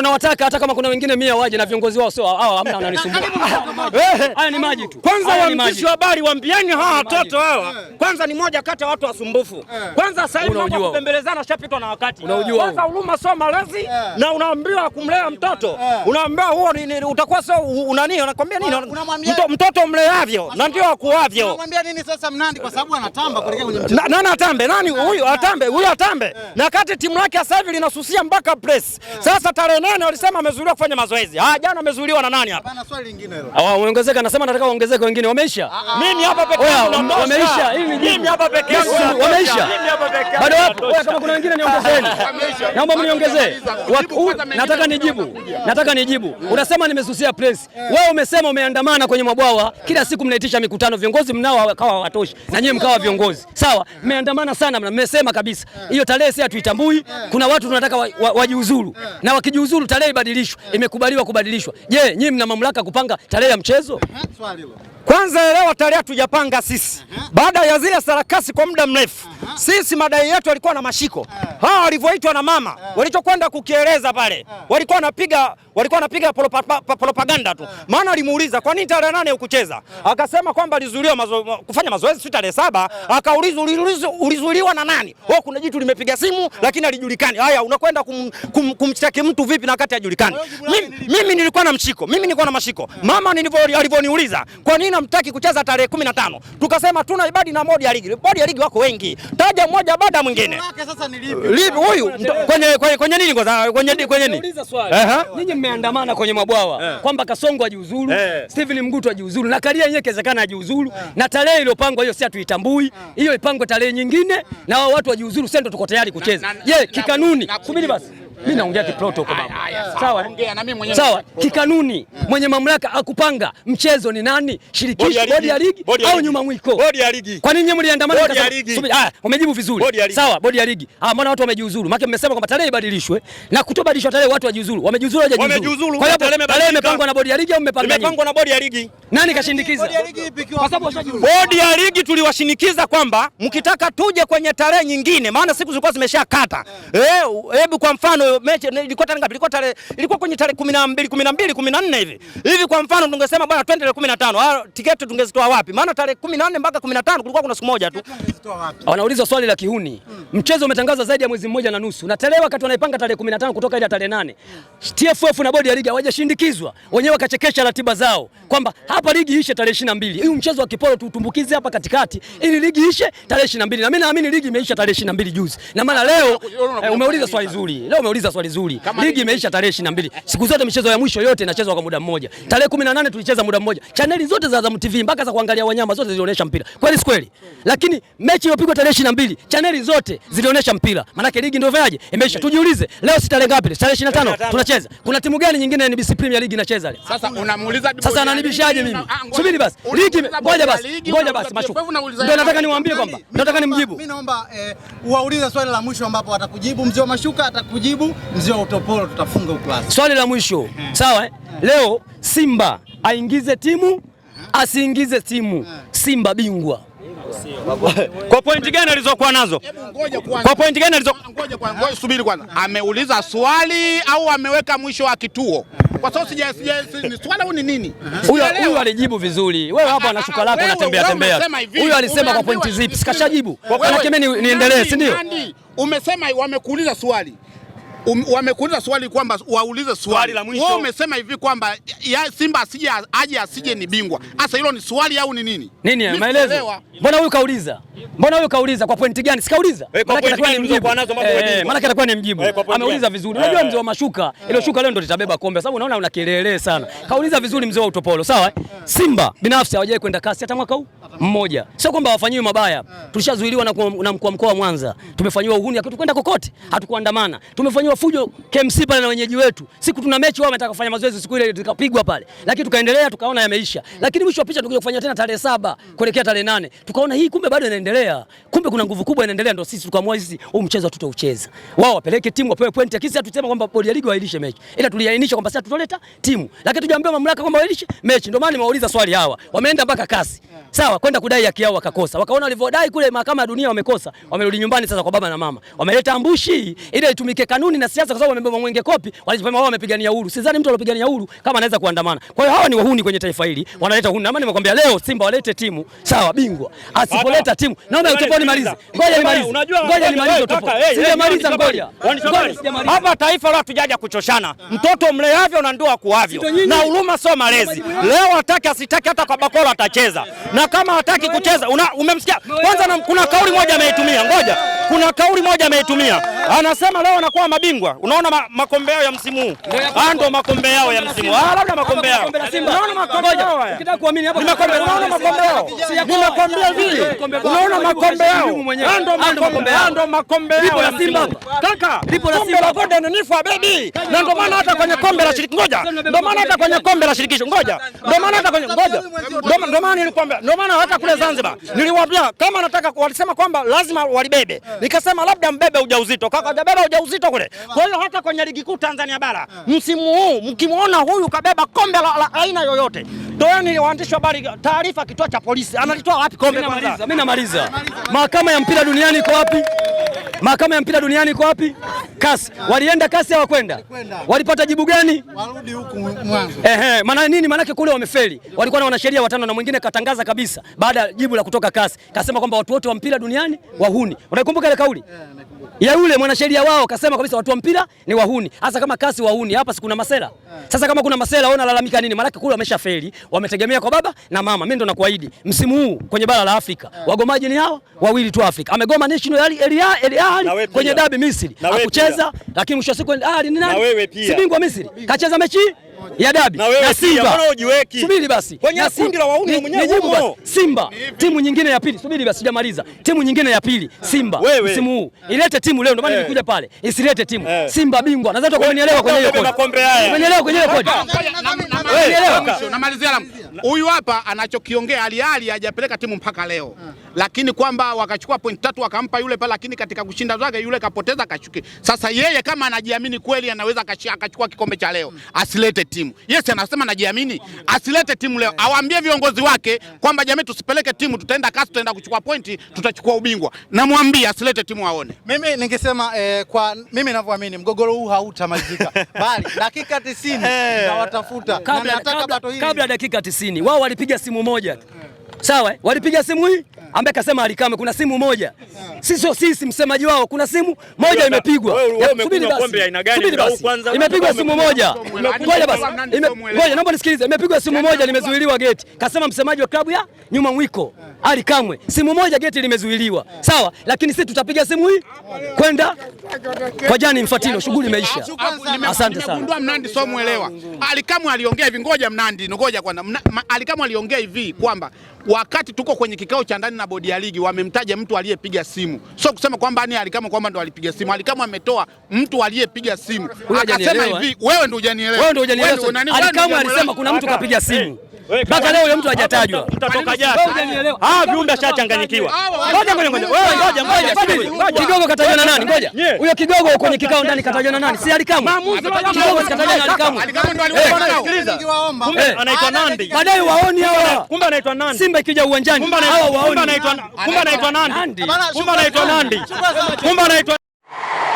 ndo nawataka, hata kama kuna wengine mia waje na viongozi wao, sio hawa, hamna wananisumbua. Ah, eh, haya ni maji tu. Kwanza waandishi wa habari waambieni hawa watoto hawa, eh. kwanza ni moja kati ya watu wasumbufu. Eh. Kwanza sasa hivi mambo kupembelezana shapitwa na wakati. Kwanza huruma sio malezi, na unaambiwa kumlea mtoto, unaambiwa huo utakuwa sio unani, anakwambia nini mtoto mleavyo na ndio akuavyo. Unamwambia nini sasa Mnandi kwa sababu anatamba kuelekea kwenye mchezo. Nani atambe? Nani huyu atambe? Huyu atambe. Na kati timu yake sasa hivi linasusia mpaka press. Sasa tarehe nani walisema amezuiliwa kufanya mazoezi. Ah, jana amezuiliwa na nani hapa? Bana, swali lingine hilo. Ah, waongezeka nasema nataka waongezeke wengine. Wameisha. Ah, ah. Mimi hapa peke yangu na wameisha. Mimi hapa peke yangu wameisha. Mimi hapa peke yangu. Bado hapo. Wewe kama kuna wengine niongezeni. Naomba mniongezee. Nataka nijibu. Nataka eh. nijibu. Unasema nimesusia press. Eh. Wewe umesema umeandamana kwenye mabwawa, kila siku mnaitisha mikutano, viongozi mnao kawa watoshi na nyinyi mkawa viongozi. Sawa? Eh. Mmeandamana sana, mmesema kabisa. Hiyo tarehe si hatuitambui. Kuna watu tunataka wajiuzuru. Na wakijiuzuru Desturi tarehe ibadilishwe, imekubaliwa kubadilishwa. Je, nyinyi mna mamlaka kupanga tarehe ya mchezo? Kwanza elewa tarehe hatujapanga sisi, baada ya zile sarakasi kwa muda mrefu. Sisi madai yetu yalikuwa na mashiko, hawa walivyoitwa na mama walichokwenda kukieleza pale, walikuwa wanapiga walikuwa wanapiga propaganda tu, maana alimuuliza kwa nini tarehe nane ukucheza, akasema kwamba alizuiliwa mazo, kufanya mazoezi si tarehe saba. Akaulizwa ulizuiliwa na nani? Oh, kuna jitu limepiga simu lakini alijulikani. Haya, unakwenda kum, kum, kumshtaki mtu vipi na wakati hajulikani? Mimi, mimi nilikuwa na mshiko, mimi nilikuwa na mashiko. Mama alivyoniuliza kwa nini namtaki kucheza tarehe tano, tukasema tuna ibadi na bodi ya ligi, bodi ya ligi wako wengi, taja mmoja baada mwingine. Lipi huyu kwenye kwenye nini kwanza kwenye kwenye nini? ameandamana kwenye mabwawa yeah. kwamba Kasongo ajiuzuru yeah. Steven Mgutu ajiuzuru na Karia yenyewe kezekana ajiuzuru yeah. na tarehe iliyopangwa hiyo si hatuitambui eh. hiyo yeah. ipangwe tarehe nyingine yeah. na wao watu wajiuzuru, sasa ndio tuko tayari kucheza. Je, yeah, kikanuni, subiri basi mimi naongea kiprotoko baba. Sawa? ongea na mimi mwenyewe. Sawa, kikanuni mwenye mamlaka akupanga mchezo ni nani? Shirikisho, bodi ya ligi au nyuma mwiko? Bodi ya ligi. Kwa nini mliandamana? Bodi ya ligi. Haya, umejibu vizuri. Sawa, bodi ya ligi. Ah, maana watu wamejiuzuru. Maana mmesema kwamba tarehe ibadilishwe na kutobadilishwa tarehe watu wajiuzuru. Wamejiuzuru au hawajajiuzuru? Kwa hiyo tarehe imepangwa na bodi ya ligi au mmepanga? Imepangwa na bodi ya ligi. Nani kashindikiza? Kwa sababu bodi ya ligi tuliwashinikiza kwamba mkitaka tuje kwenye tarehe nyingine maana siku zilikuwa zimeshakata. Eh, eh hebu kwa mfano hiyo mechi ilikuwa tarehe ngapi? Ilikuwa tarehe ilikuwa kwenye tarehe 12 12 14 hivi. Hivi kwa mfano tungesema bwana twende tarehe 15. Ah, tiketi tungezitoa wapi? Maana tarehe 14 mpaka 15 kulikuwa kuna siku moja tu. Wanauliza swali la kihuni. Hmm. Mchezo umetangazwa zaidi ya mwezi mmoja na nusu. Na tarehe wakati wanaipanga tarehe 15 kutoka ile tarehe 8. TFF na bodi ya ligi hawajashindikizwa. Wenyewe wakachekesha ratiba zao kwamba hapa ligi ishe tarehe 22. Hii mchezo wa kiporo tuutumbukize hapa katikati ili ligi ishe tarehe 22. Na mimi naamini ligi imeisha tarehe 22 juzi. Na maana leo eh, umeuliza swali zuri. Leo umeuliza umeuliza swali zuri. Ligi imeisha tarehe 22. Siku zote michezo ya mwisho yote inachezwa kwa muda mmoja. Tarehe 18 tulicheza muda mmoja. Chaneli zote za Azam TV mpaka za kuangalia wanyama zote zilionyesha mpira. Kweli si kweli? Lakini mechi iliyopigwa tarehe 22, chaneli zote zilionyesha mpira. Maana ligi ndio vyaje? Imeisha. Tujiulize, leo si tarehe ngapi? Tarehe 25 tunacheza. Kuna timu gani nyingine ya NBC Premier League inacheza leo? Sasa unamuuliza Sasa ananibishaje mimi? Ah, Subiri basi. Ligi ngoja basi. Ngoja basi mashuku. Ndio nataka niwaambie kwamba nataka nimjibu. Mimi naomba eh, uwaulize swali la mwisho ambapo atakujibu. Mzee wa Mashuka atakujibu tu mzee wa utopolo tutafunga ukurasa. Swali la mwisho sawa eh? eh? Leo Simba aingize timu asiingize timu, eh. Simba bingwa kwa pointi gani alizokuwa nazo? Kwa pointi gani alizokuwa? Ngoja subiri kwanza, ameuliza swali au ameweka mwisho wa kituo? Kwa sababu sija sija ni swala au ni nini? Huyo huyo alijibu vizuri. Wewe hapa ah, na shuka lako unatembea tembea. Huyo alisema kwa pointi zipi? Sikashajibu. Lakini mimi niendelee, si ndio? Umesema wamekuuliza swali Um, wamekuuliza swali kwamba waulize swali, swali wao umesema hivi kwamba ya Simba asije aje asije ni bingwa. Sasa hilo ni swali au ni nini? Nini ya maelezo? Mbona huyu kauliza? Mbona huyu kauliza kwa pointi gani? Sikauliza. Eh, maana eh, atakuwa ni mjibu. atakuwa eh, ni mjibu. Ameuliza vizuri. Unajua mzee wa mashuka, ile shuka leo ndio litabeba kombe sababu unaona una kelele sana. Kauliza vizuri mzee wa utopolo, sawa? Simba binafsi hawajai kwenda kasi hata mwaka huu mmoja. Sio kwamba hawafanyiwi mabaya. Tulishazuiliwa na mkuu wa mkoa wa Mwanza. Tumefanyiwa uhuni, hatukwenda kokote. Hmm. Hatukuandamana. Tumefanywa wafanywa fujo KMC pale na wenyeji wetu. Siku tuna mechi wao wametaka kufanya mazoezi siku ile tukapigwa pale. Lakini tukaendelea tukaona yameisha. Lakini mwisho wa picha tukuja kufanya tena tarehe saba kuelekea tarehe nane. Tukaona hii kumbe bado inaendelea. Kumbe kuna nguvu kubwa inaendelea ndio sisi tukaamua hizi huu mchezo tutaucheza. Wao wapeleke timu wapewe pointi ya kisi hatusema kwamba bodi ya ligi wailishe mechi. Ila tuliainisha kwamba sasa tutoleta timu. Lakini tujaambia mamlaka kwamba wailishe mechi. Ndio maana nimewauliza swali hawa. Wameenda mpaka kasi. Sawa kwenda kudai haki yao wakakosa. Wakaona walivyodai kule mahakama ya dunia wamekosa. Wamerudi nyumbani sasa kwa baba na mama. Wameleta ambushi ile itumike kanuni dini na siasa, kwa sababu wamebeba mwenge kopi, wanajipema wao wamepigania uhuru. Sidhani mtu alopigania uhuru kama anaweza kuandamana. Kwa hiyo hawa ni wahuni kwenye taifa hili, wanaleta uhuni. Ama nimekwambia leo Simba walete timu sawa, bingwa. Asipoleta timu, naomba utoponi malize. Ngoja nimalize, ngoja nimalize utoponi, sijamaliza. Ngoja hapa taifa la tujaja kuchoshana. Mtoto mleavyo na ndoa kuavyo, na huruma sio malezi. Leo hataki asitaki, hata kwa bakora atacheza, na kama hataki kucheza, umemsikia kwanza. Kuna kauli moja ameitumia, ngoja, kuna kauli moja ameitumia, anasema leo anakuwa mabingwa mabingwa. Unaona ma, makombe yao ya msimu huu. Haya ah, ndio makombe yao ya msimu. Ah, ah, labda makombe yao. Unaona makombe yao haya. Ukitaka kuamini hapo. Ni Makombe unaona makombe yao. Nimekwambia vile. Unaona ah, makombe yao. Haya ndio makombe yao. Ndio makombe yao ya Simba. Kaka, lipo la Simba. Kombe la nifu baby. Na ndio maana hata kwenye kombe la shirikisho ngoja. Ndio maana hata kwenye kombe la shirikisho ngoja. Ndio maana hata kwenye ngoja. Ndio maana nilikwambia. Ndio maana hata kule Zanzibar niliwaambia kama nataka walisema kwamba lazima walibebe. Eh. Nikasema labda mbebe ujauzito. Kaka, hajabeba ujauzito kule. Kwa hiyo hata kwenye ligi kuu Tanzania bara eh. msimu huu mkimwona huyu kabeba kombe la, aina yoyote toeni waandishi wa habari taarifa, kituo cha polisi analitoa wapi kombe? Kwanza mimi namaliza. Mahakama ya mpira duniani iko wapi? Mahakama ya mpira duniani iko wapi? Kasi eh. walienda kasi, kwenda walipata jibu gani? Warudi huku mwanzo. Ehe, maana nini? Maanake kule wamefeli, walikuwa na wanasheria watano na mwingine katangaza kabisa baada ya jibu la kutoka kasi, kasema kwamba watu wote wa mpira duniani wahuni. Unakumbuka ile kauli? Eh, ya yule mwanasheria wao kasema kabisa watu wa mpira ni wahuni. Hasa kama kasi wahuni hapa si kuna masela. Sasa kama kuna masela ona lalamika nini? Maana kule feli, wametegemea kwa baba na mama. Mimi ndo nakuahidi msimu huu kwenye bara la Afrika eh. wagomaji ni hawa wawili tu Afrika. Amegoma National Al Ahly kwenye dabi Misri. akucheza lakini mwisho siku ah, ni nani? Si bingwa Misri. Kacheza mechi ya dabi na Simba. Subiri basi, mwenyewe basi. Simba timu nyingine ya pili, subiri basi, sijamaliza. Timu nyingine ya pili Simba msimu huu ilete timu leo, ndio maana eh. nilikuja pale, isilete timu eh. Simba bingwa. Nadhani utakuwa umenielewa kwenye hiyo kodi, umenielewa kwenye hiyo kodi namalizia huyu hapa anachokiongea, alihali hajapeleka timu mpaka leo, ah. lakini kwamba wakachukua point tatu wakampa yule pale, lakini katika kushinda zake yule kapoteza kachuki. Sasa yeye kama anajiamini kweli, anaweza akachukua kikombe cha leo, hmm. asilete timu. Yes, anasema anajiamini, asilete timu leo, eh. awaambie viongozi wake eh. kwamba jamii, tusipeleke timu, tutaenda kasi, tutaenda kuchukua pointi, tutachukua ubingwa. Namwambia asilete timu aone. Mimi ningesema eh, kwa mimi ninavyoamini mgogoro huu hautamalizika bali dakika 90 hey, eh. na watafuta kabla, kabla, kabla dakika 90 wao walipiga simu moja sawa, walipiga simu hii ambaye kasema Alikame kuna simu moja, sio sisi, msemaji wao, kuna simu moja imepigwa. Subiri basi, imepigwa simu moja, ngoja basi, ngoja, naomba nisikilize. Imepigwa simu moja, limezuiliwa geti, kasema msemaji wa klabu ya nyuma mwiko kamwe simu moja geti limezuiliwa, sawa, lakini sisi tutapiga simu hii kwenda kwa Jani Mfatino, shughuli imeisha. Asante sana. Nimegundua Mnandi, sio muelewa. Kamwe aliongea hivi, ngoja Mnandi, ngoja kwanza. Kamwe aliongea hivi kwamba wakati tuko kwenye kikao cha ndani na bodi ya ligi wamemtaja mtu aliyepiga simu, sio kusema kwamba ni Alikamwe kwamba ndo alipiga simu. Alikamwe ametoa mtu aliyepiga simu, akasema eh? hivi, wewe ndio hujanielewa. Alikamwe alisema kuna mtu kapiga eh. simu mpaka leo yule mtu hajatajwa. Mtatoka jasho. Ah, viumbe shachanganyikiwa. Ngoja ngoja ngoja. Wewe ngoja ngoja. Kigogo katajwa na nani? Ngoja. Huyo kigogo kwenye kikao ndani katajwa na nani? Si Alikamwe. Kigogo katajwa na Alikamwe. Eh. Kumbe eh. anaitwa Nandi. Baadaye waoni hawa. Kumbe anaitwa Nandi. Simba ikija uwanjani. Kumbe anaitwa Nandi. Kumbe anaitwa Nandi. Kumbe anaitwa Nandi.